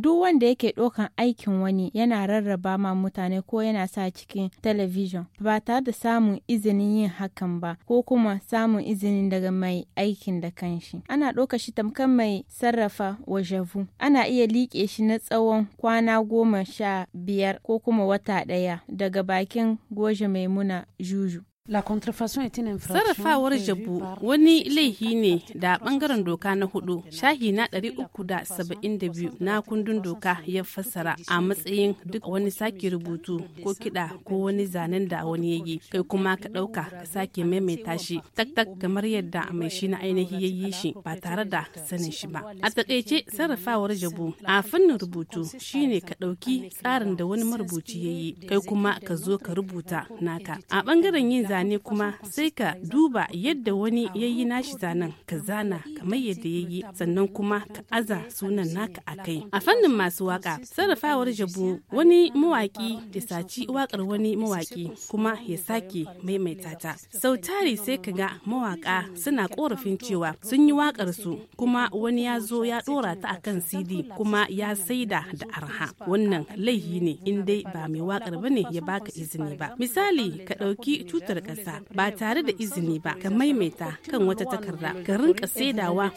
duk wanda yake ɗaukan aikin wani yana rarraba ma mutane ko yana sa cikin talabijin ba tare da samun izinin yin hakan ba ko kuma samun izinin daga mai aikin da kanshi ana ɗoka shi tamkar mai sarrafa wajavu ana iya liƙe shi na tsawon kwana goma sha biyar ko kuma wata ɗaya daga bakin goje maimuna juju war jabu wani laihi ne da bangaren doka na hudu shahi na 372 na kundin doka ya fassara a matsayin duk wani sake rubutu ko kiɗa ko wani zanen da wani yayi kai kuma ka ɗauka ka sake maimaita shi taktak kamar yadda mai shi na ainihi ya yi shi ba tare da sanin shi ba. A takaice sarrafawar jabu a fannin rubutu shine ka ɗauki tsarin da wani marubuci ya yi kai kuma ka zo ka rubuta naka. A bangaren yin zane zane kuma sai ka duba yadda wani ya yi nashi zanen ka zana kamar yadda ya yi sannan kuma ka aza sunan naka a kai a fannin masu waka sarrafawar jabu wani mawaki da saci wakar wani mawaki kuma ya sake maimaita ta sau tari sai ka ga mawaka suna korafin cewa sun yi wakar su kuma wani ya zo ya dora ta akan cd kuma ya saida da arha wannan laihi ne in dai ba mai wakar bane ya baka izini ba misali ka ɗauki cutar ƙasa ba tare da izini ba ka maimaita kan wata takarda ka rinka saidawa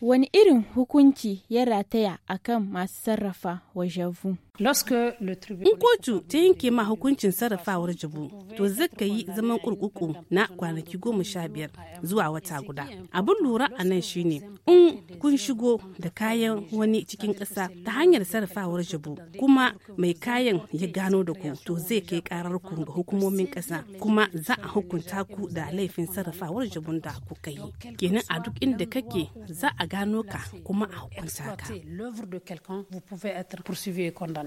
wani irin hukunci ya rataya akan masu sarrafa wajavu In kotu ta yanke ma hukuncin sarrafawar jabu, to zaka yi zaman kurkuku na kwanaki goma sha biyar zuwa wata guda. Abin lura a nan shine in kun shigo da kayan wani cikin ƙasa ta hanyar sarrafawar jabu kuma mai kayan ya gano da ku to zai kai karar ku ku ga hukumomin ƙasa kuma za a hukunta ku da laifin sarrafawar jibun da kuka yi kenan a duk inda kake za a gano ka kuma a hukunta ka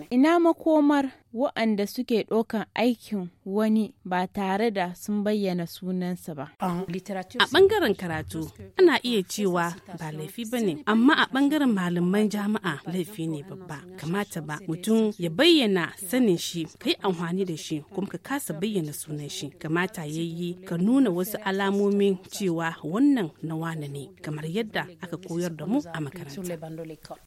ina makomar wa'anda suke ɗaukan aikin wani ba tare da sun bayyana sunansa ba a ɓangaren karatu ana iya cewa ba laifi ba ne amma a ɓangaren malaman jama'a laifi ne babba kamata ba mutum ya bayyana sanin shi kai amfani da shi kuma ka kasa bayyana sunan shi kamata yayi ka nuna wasu alamomin cewa wannan na wane ne kamar yadda aka koyar da mu a makaranta